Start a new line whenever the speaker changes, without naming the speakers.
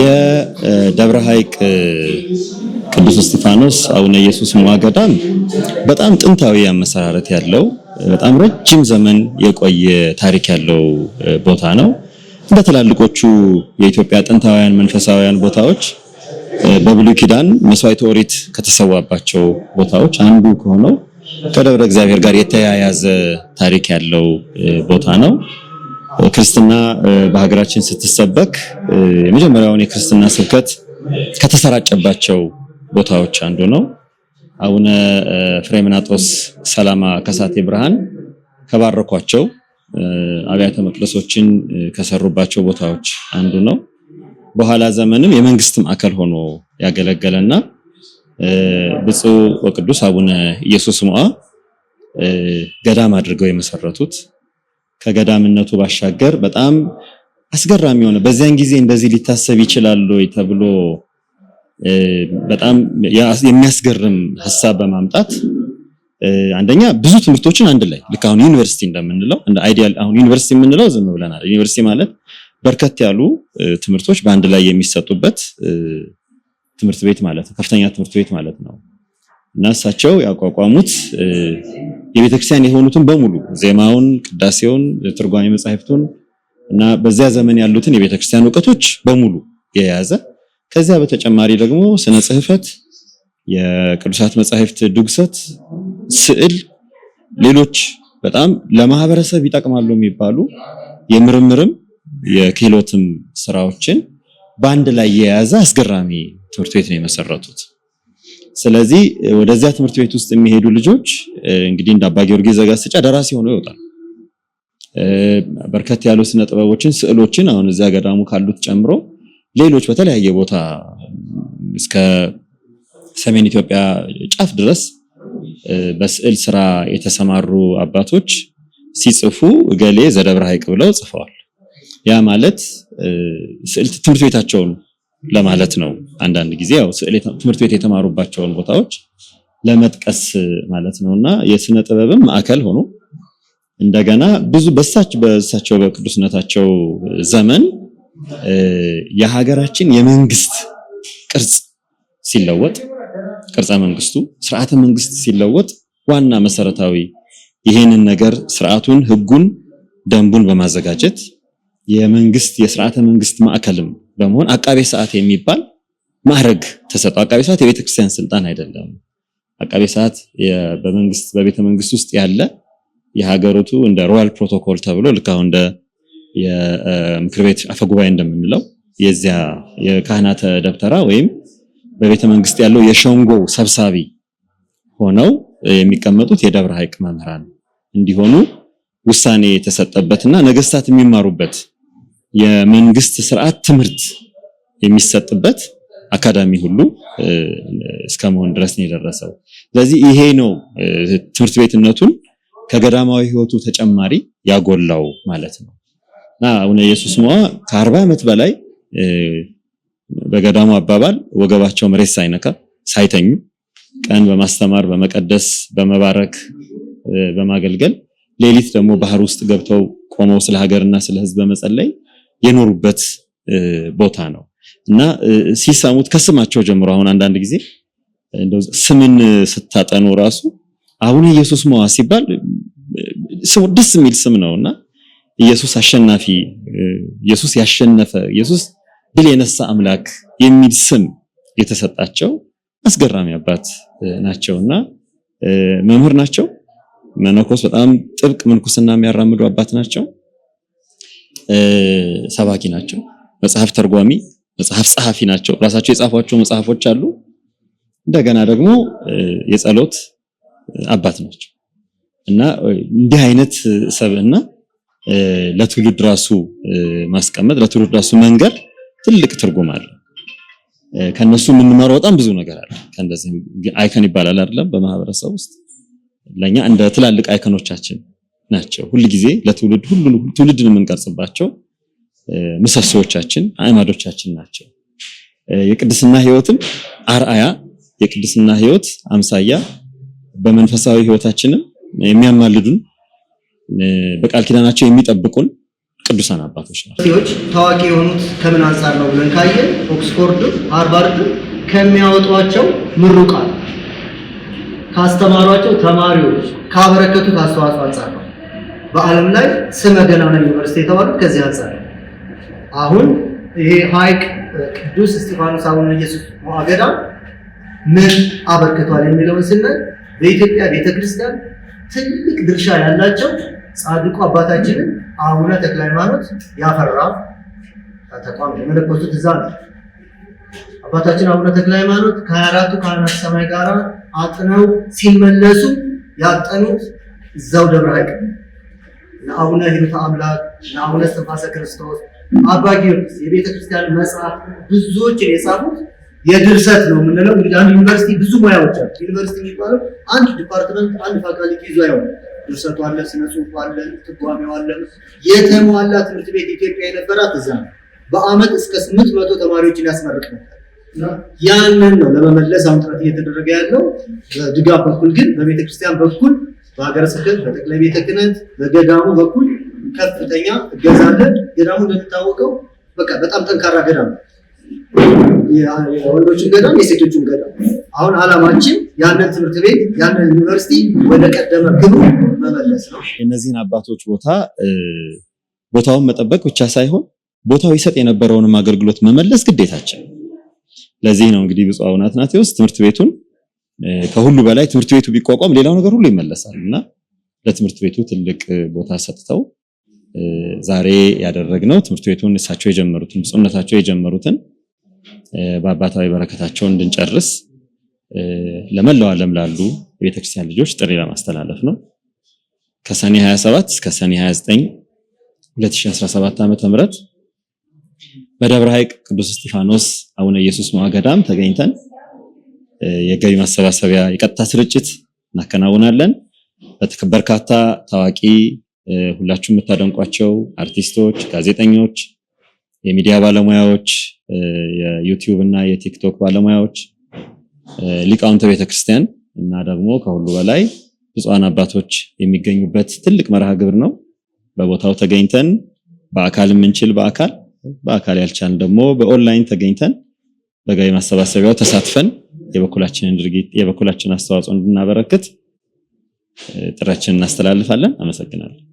የደብረ ሐይቅ ቅዱስ እስጢፋኖስ አቡነ ኢየሱስ መዋገዳም በጣም ጥንታዊ አመሰራረት ያለው በጣም ረጅም ዘመን የቆየ ታሪክ ያለው ቦታ ነው። እንደ ትላልቆቹ የኢትዮጵያ ጥንታውያን መንፈሳውያን ቦታዎች በብሉይ ኪዳን መስዋዕት ኦሪት ከተሰዋባቸው ቦታዎች አንዱ ከሆነው ከደብረ እግዚአብሔር ጋር የተያያዘ ታሪክ ያለው ቦታ ነው። ክርስትና በሀገራችን ስትሰበክ የመጀመሪያውን የክርስትና ስብከት ከተሰራጨባቸው ቦታዎች አንዱ ነው። አቡነ ፍሬምናጦስ ሰላማ ከሳቴ ብርሃን ከባረኳቸው አብያተ መቅደሶችን ከሰሩባቸው ቦታዎች አንዱ ነው። በኋላ ዘመንም የመንግስት ማዕከል ሆኖ ያገለገለና ብፁዕ ወቅዱስ አቡነ ኢየሱስ ሞዐ ገዳም አድርገው የመሰረቱት ከገዳምነቱ ባሻገር በጣም አስገራሚ የሆነ በዚያን ጊዜ እንደዚህ ሊታሰብ ይችላል ወይ ተብሎ በጣም የሚያስገርም ሀሳብ በማምጣት አንደኛ ብዙ ትምህርቶችን አንድ ላይ ልክ አሁን ዩኒቨርሲቲ እንደምንለው እንደ አይዲያል አሁን ዩኒቨርሲቲ የምንለው ዝም ብለናል። ዩኒቨርሲቲ ማለት በርከት ያሉ ትምህርቶች በአንድ ላይ የሚሰጡበት ትምህርት ቤት ማለት ነው፣ ከፍተኛ ትምህርት ቤት ማለት ነው እና እሳቸው ያቋቋሙት የቤተክርስቲያን የሆኑትን በሙሉ ዜማውን፣ ቅዳሴውን፣ ትርጓሜ መጻሕፍቱን እና በዚያ ዘመን ያሉትን የቤተክርስቲያን እውቀቶች በሙሉ የያዘ ከዚያ በተጨማሪ ደግሞ ስነ ጽህፈት፣ የቅዱሳት መጻሕፍት ድግሰት፣ ስዕል፣ ሌሎች በጣም ለማህበረሰብ ይጠቅማሉ የሚባሉ የምርምርም የክህሎትም ስራዎችን በአንድ ላይ የያዘ አስገራሚ ትምህርት ቤት ነው የመሰረቱት። ስለዚህ ወደዚያ ትምህርት ቤት ውስጥ የሚሄዱ ልጆች እንግዲህ እንደ አባ ጊዮርጊስ ዘጋስጫ ደራሲ ሆኖ ይወጣል። በርከት ያሉ ስነ ጥበቦችን፣ ስዕሎችን አሁን እዚያ ገዳሙ ካሉት ጨምሮ ሌሎች በተለያየ ቦታ እስከ ሰሜን ኢትዮጵያ ጫፍ ድረስ በስዕል ስራ የተሰማሩ አባቶች ሲጽፉ እገሌ ዘደብረ ሐይቅ ብለው ጽፈዋል። ያ ማለት ስዕል ትምህርት ቤታቸው ነው። ለማለት ነው። አንዳንድ ጊዜ ያው ትምህርት ቤት የተማሩባቸውን ቦታዎች ለመጥቀስ ማለት ነውና የስነ ጥበብም ማዕከል ሆኖ እንደገና ብዙ በሳች በሳቸው በቅዱስነታቸው ዘመን የሀገራችን የመንግስት ቅርጽ ሲለወጥ ቅርጸ መንግስቱ ስርዓተ መንግስት ሲለወጥ ዋና መሰረታዊ ይሄንን ነገር ስርዓቱን፣ ህጉን፣ ደንቡን በማዘጋጀት የመንግስት የስርዓተ መንግስት ማዕከልም በመሆን አቃቤ ሰዓት የሚባል ማዕረግ ተሰጠው። አቃቤ ሰዓት የቤተክርስቲያን ስልጣን አይደለም። አቃቤ ሰዓት በመንግስት በቤተ መንግስት ውስጥ ያለ የሀገሪቱ እንደ ሮያል ፕሮቶኮል ተብሎ ልክ አሁን እንደ የምክር ቤት አፈጉባኤ እንደምንለው የዚያ የካህናተ ደብተራ ወይም በቤተ መንግስት ያለው የሸንጎ ሰብሳቢ ሆነው የሚቀመጡት የደብረ ሐይቅ መምህራን እንዲሆኑ ውሳኔ የተሰጠበትና ነገስታት የሚማሩበት የመንግስት ስርዓት ትምህርት የሚሰጥበት አካዳሚ ሁሉ እስከመሆን ድረስ ነው የደረሰው። ስለዚህ ይሄ ነው ትምህርት ቤትነቱን ከገዳማዊ ህይወቱ ተጨማሪ ያጎላው ማለት ነው እና አቡነ ኢየሱስ ሞዐ ከአርባ ዓመት በላይ በገዳሙ አባባል ወገባቸው መሬት ሳይነካ ሳይተኙ ቀን በማስተማር በመቀደስ በመባረክ በማገልገል ሌሊት ደግሞ ባህር ውስጥ ገብተው ቆመው ስለ ሀገርና ስለ ህዝብ በመጸለይ የኖሩበት ቦታ ነው እና ሲሳሙት ከስማቸው ጀምሮ አሁን አንዳንድ ጊዜ ስምን ስታጠኑ ራሱ አቡነ ኢየሱስ መዋ ሲባል ስሙ ደስ የሚል ስም ነውና ኢየሱስ አሸናፊ፣ ኢየሱስ ያሸነፈ፣ ኢየሱስ ድል የነሳ አምላክ የሚል ስም የተሰጣቸው አስገራሚ አባት ናቸውና መምህር ናቸው። መነኮስ በጣም ጥብቅ ምንኩስና የሚያራምዱ አባት ናቸው። ሰባኪ ናቸው፣ መጽሐፍ ተርጓሚ፣ መጽሐፍ ጸሐፊ ናቸው። ራሳቸው የጻፏቸው መጽሐፎች አሉ። እንደገና ደግሞ የጸሎት አባት ናቸው እና እንዲህ አይነት ሰብእና ለትውልድ ራሱ ማስቀመጥ ለትውልድ ራሱ መንገድ ትልቅ ትርጉም አለ። ከነሱ የምንማረው በጣም ብዙ ነገር አለ። ከእንደዚህ አይከን ይባላል አይደለም? በማህበረሰብ ውስጥ ለኛ እንደ ትላልቅ አይከኖቻችን ናቸው። ሁልጊዜ ለትውልድ ሁሉ ትውልድን የምንቀርጽባቸው ምሰሶዎቻችን፣ አእማዶቻችን ናቸው። የቅድስና ህይወትን አርአያ የቅድስና ህይወት አምሳያ በመንፈሳዊ ህይወታችንም የሚያማልዱን በቃል ኪዳናቸው የሚጠብቁን ቅዱሳን አባቶች ናቸው።
ታዋቂ የሆኑት ከምን አንጻር ነው ብለን ካየን ኦክስፎርድ፣ ሃርቫርድ ከሚያወጧቸው ምሩቃን ካስተማሯቸው ተማሪዎች ካበረከቱት አስተዋጽኦ አንጻር ነው። በዓለም ላይ ስመ ገናና ዩኒቨርሲቲ የተባሉት ከዚህ አንጻር አሁን ይሄ ሐይቅ ቅዱስ እስጢፋኖስ አቡነ ኢየሱስ ወአገዳ ምን አበርክቷል የሚለውን ስናይ በኢትዮጵያ ቤተክርስቲያን ትልቅ ድርሻ ያላቸው ጻድቁ አባታችንን አቡነ ተክለ ሃይማኖት ያፈራ ተቋም የመለኮቱት እዛ ነው። አባታችን አቡነ ተክለ ሃይማኖት ከአራቱ ካህናተ ሰማይ ጋር አጥነው ሲመለሱ ያጠኑት እዛው ደብረ ነው። ለአቡነ ህይወት አምላክ ለአቡነ እስትንፋሰ ክርስቶስ አባ ጊዮርጊስ የቤተ ክርስቲያን መጽሐፍ ብዙዎችን የጻፉት የድርሰት ነው የምንለው። እንግዲህ አንድ ዩኒቨርሲቲ ብዙ ሙያዎች አሉ። ዩኒቨርሲቲ የሚባለው አንድ ዲፓርትመንት አንድ ፋካልቲ ይዞ ያው ድርሰቱ አለ፣ ስነ ጽሁፉ አለ፣ ትርጓሜው አለ። የተሟላ ትምህርት ቤት ኢትዮጵያ የነበራት እዛ ነው። በአመት እስከ ስምንት መቶ ተማሪዎችን ያስመርቅ ነበር። ያንን ነው ለመመለስ አሁን ጥረት እየተደረገ ያለው። በድጋፍ በኩል ግን በቤተክርስቲያን በኩል በሀገረ ስብከት በጠቅላይ ቤተ ክህነት በገዳሙ በኩል ከፍተኛ እገዛለን። ገዳሙ እንደሚታወቀው በቃ በጣም ጠንካራ ገዳም ነው። የወንዶችን ገዳም፣ የሴቶችን ገዳም። አሁን አላማችን ያንን ትምህርት ቤት ያንን ዩኒቨርሲቲ ወደ ቀደመ ክብሩ መመለስ ነው።
እነዚህን አባቶች ቦታ ቦታውን መጠበቅ ብቻ ሳይሆን ቦታው ይሰጥ የነበረውንም አገልግሎት መመለስ ግዴታችን። ለዚህ ነው እንግዲህ ብፁዕ አቡነ አትናቴዎስ ትምህርት ቤቱን ከሁሉ በላይ ትምህርት ቤቱ ቢቋቋም ሌላው ነገር ሁሉ ይመለሳል እና ለትምህርት ቤቱ ትልቅ ቦታ ሰጥተው ዛሬ ያደረግነው ትምህርት ቤቱን እሳቸው የጀመሩትን ብፁዕነታቸው የጀመሩትን በአባታዊ በረከታቸው እንድንጨርስ ለመላው ዓለም ላሉ የቤተክርስቲያን ልጆች ጥሪ ለማስተላለፍ ነው። ከሰኔ 27 እስከ ሰኔ 29 2017 ዓ.ም በደብረ ሐይቅ ቅዱስ እስጢፋኖስ አቡነ ኢየሱስ ማገዳም ተገኝተን የገቢ ማሰባሰቢያ የቀጥታ ስርጭት እናከናውናለን። በርካታ ታዋቂ ሁላችሁ የምታደንቋቸው አርቲስቶች፣ ጋዜጠኞች፣ የሚዲያ ባለሙያዎች፣ የዩቲዩብ እና የቲክቶክ ባለሙያዎች፣ ሊቃውንተ ቤተክርስቲያን እና ደግሞ ከሁሉ በላይ ብፁዓን አባቶች የሚገኙበት ትልቅ መርሃ ግብር ነው። በቦታው ተገኝተን በአካል የምንችል በአካል በአካል ያልቻልን ደግሞ በኦንላይን ተገኝተን በገቢ ማሰባሰቢያው ተሳትፈን የበኩላችንን ድርጊት የበኩላችንን አስተዋጽኦ እንድናበረክት ጥሪያችንን እናስተላልፋለን። አመሰግናለሁ።